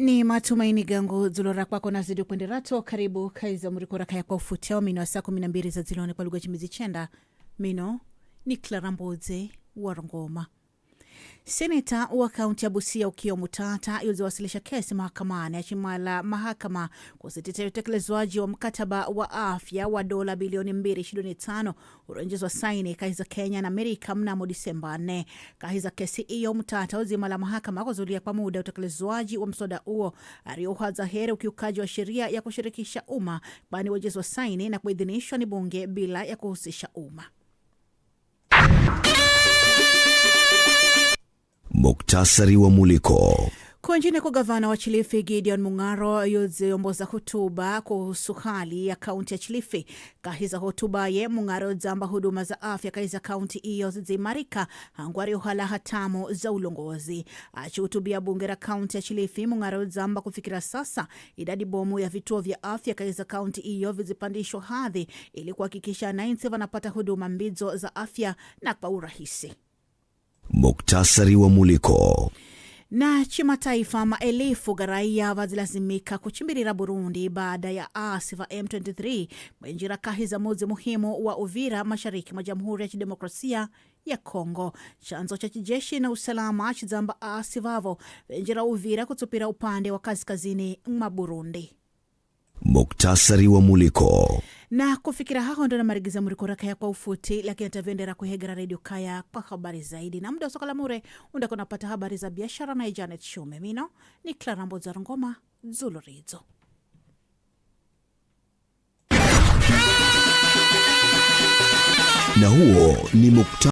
Ni matumaini gangu dzulora kwako nazidi kuenderato. Karibu kaiza murikora kaya kwa ufuteo mino wa saa kumi na mbili za dzilone kwa lugha chimizi chenda mino ni Clara Mboze warongoma Seneta wa kaunti ya Busia Ukio Mutata yuliwasilisha kesi mahakamani ya chima la mahakama kusitisha utekelezwaji wa mkataba wa afya wa dola bilioni 225 ulioingizwa saini kati za Kenya na Amerika mnamo Disemba 4. Kati za kesi hiyo, Mutata uzima la mahakama kuzulia kwa muda utekelezwaji wa mswada huo alioha dhahiri ukiukaji wa sheria ya kushirikisha umma, kwani uingizwa saini na kuidhinishwa ni bunge bila ya kuhusisha umma. Muktasari wa Muliko. kwa gavana wa Chilifi Gideon Mung'aro yuziomboza hotuba kuhusu hali ya kaunti ya Chilifi. Kahiza hotuba ye Mung'aro zamba huduma za afya kaiza kaunti iyo zimarika angwari uhala hatamo za ulongozi. Achihutubia bunge la kaunti ya Chilifi, Mung'aro zamba kufikira sasa idadi bomu ya vituo vya afya kaiza kaunti iyo vizipandishwa hadhi ili kuhakikisha wananchi wanapata huduma mbizo za afya na kwa urahisi. Muktasari wa Muliko. Na kimataifa, maelifu raia vazilazimika kuchimbirira Burundi baada ya asi va M23 mwenjira kahi za muzi muhimu wa Uvira, mashariki mwa Jamhuri ya Kidemokrasia ya Kongo. Chanzo cha kijeshi na usalama chizamba asi vavo venjira Uvira kutsupira upande wa kaskazini mwa Burundi. Muktasari wa Muliko na kufikira haho ndo namarigiza muriko raka ya kwa ufuti, lakini tavendera kuhegera redio kaya kwa habari zaidi na muda la mure undakonapata habari za biashara na Janet Shume. Mino ni Clara Mbozaro Ngoma Zuluridzo. Na huo ni mukta